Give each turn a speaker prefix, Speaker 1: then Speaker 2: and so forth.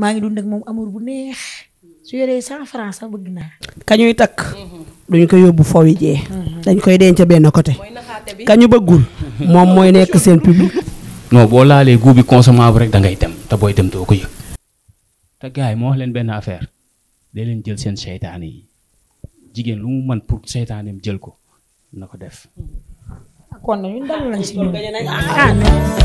Speaker 1: maa ngi dund ak moom amour bu neex su yoree cent francs sax
Speaker 2: kañuy takk. Mhm. duñ ko yóbbu foofu jee. Mhm. dañ koy denc benn côté. kañu bëggul. moom mooy nekk seen public.
Speaker 3: non boo laalee guubi consommable rek da ngay dem te booy dem doo ko yëg.
Speaker 4: te gars yi moo wax leen benn affaire day leen jël seen seytaane yi jigéen lu mu mën pour seytaaneem jël ko na ko
Speaker 5: def.